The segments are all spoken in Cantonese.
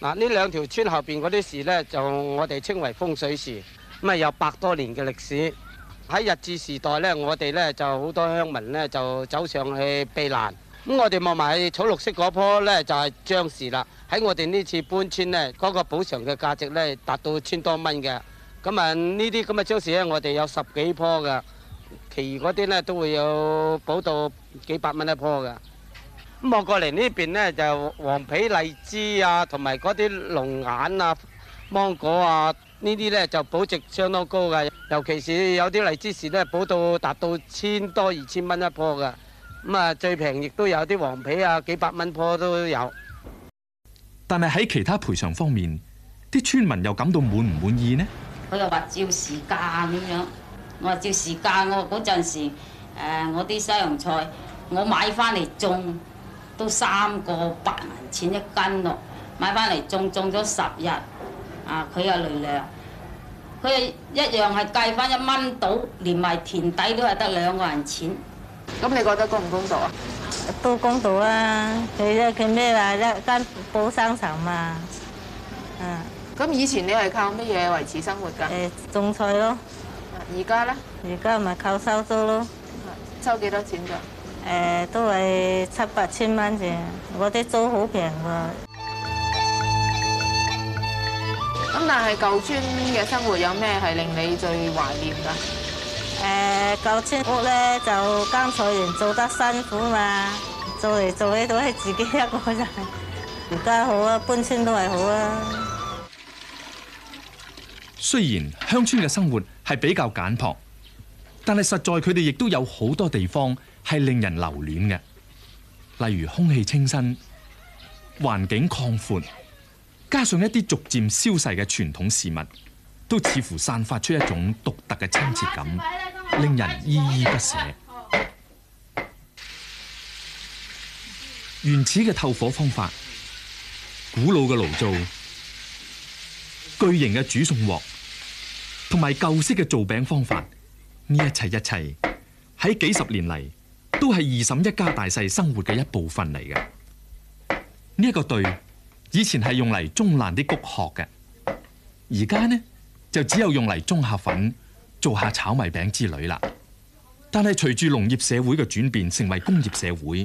嗱，呢兩條村後邊嗰啲樹呢，就我哋稱為風水樹，咁啊有百多年嘅歷史。喺日治時代呢，我哋呢就好多鄉民呢就走上去避難。咁我哋望埋草綠色嗰棵呢，就係樟樹啦。喺我哋呢次搬遷呢，嗰個補償嘅價值呢達到千多蚊嘅。咁啊呢啲咁嘅樟樹呢，我哋有十幾棵噶，其餘嗰啲呢，都會有補到幾百蚊一棵噶。咁望過嚟呢邊呢，就黃皮荔枝啊，同埋嗰啲龍眼啊、芒果啊，呢啲呢就保值相當高嘅。尤其是有啲荔枝樹都係保到達到千多二千蚊一棵嘅。咁啊，最平亦都有啲黃皮啊，幾百蚊棵都有。但係喺其他賠償方面，啲村民又感到滿唔滿意呢？佢又話照時間咁樣，我話照時間，我嗰陣時誒我啲西洋菜，我買翻嚟種。都三個八銀錢一斤咯，買翻嚟種種咗十日，啊，佢又來糧，佢一樣係計翻一蚊到，連埋田底都係得兩個人錢。咁你覺得公唔公道啊？都公道啊！你咧佢咩話咧？單補生產嘛，嗯。咁以前你係靠乜嘢維持生活㗎？誒種菜咯。而家咧？而家咪靠收租咯。收幾多錢㗎？誒都係七八千蚊啫，我啲租好平㗎。咁但係舊村嘅生活有咩係令你最懷念㗎？誒、呃、舊村屋咧就耕菜園做得辛苦嘛，做嚟做去都係自己一個人。而家好啊，搬遷都係好啊。雖然鄉村嘅生活係比較簡樸，但係實在佢哋亦都有好多地方係令人留戀嘅，例如空氣清新、環境擴闊，加上一啲逐漸消逝嘅傳統事物，都似乎散發出一種獨特嘅親切感，令人依依不捨。原始嘅透火方法、古老嘅爐灶、巨型嘅煮餸鍋，同埋舊式嘅做餅方法，呢一切一切喺幾十年嚟。都係二嬸一家大細生活嘅一部分嚟嘅。呢一個碓以前係用嚟舂爛啲穀殼嘅，而家呢就只有用嚟舂下粉、做下炒米餅之類啦。但係隨住農業社會嘅轉變，成為工業社會，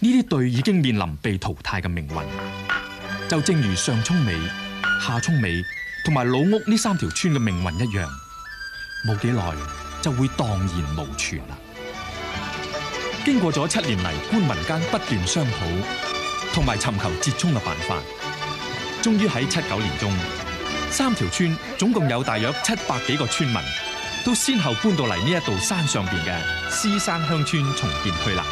呢啲碓已經面臨被淘汰嘅命運。就正如上涌尾、下涌尾同埋老屋呢三條村嘅命運一樣，冇幾耐就會蕩然無存啦。經過咗七年嚟，官民間不斷商討同埋尋求折衷嘅辦法，終於喺七九年中，三條村總共有大約七百幾個村民，都先後搬到嚟呢一度山上邊嘅獅山鄉村重建區啦。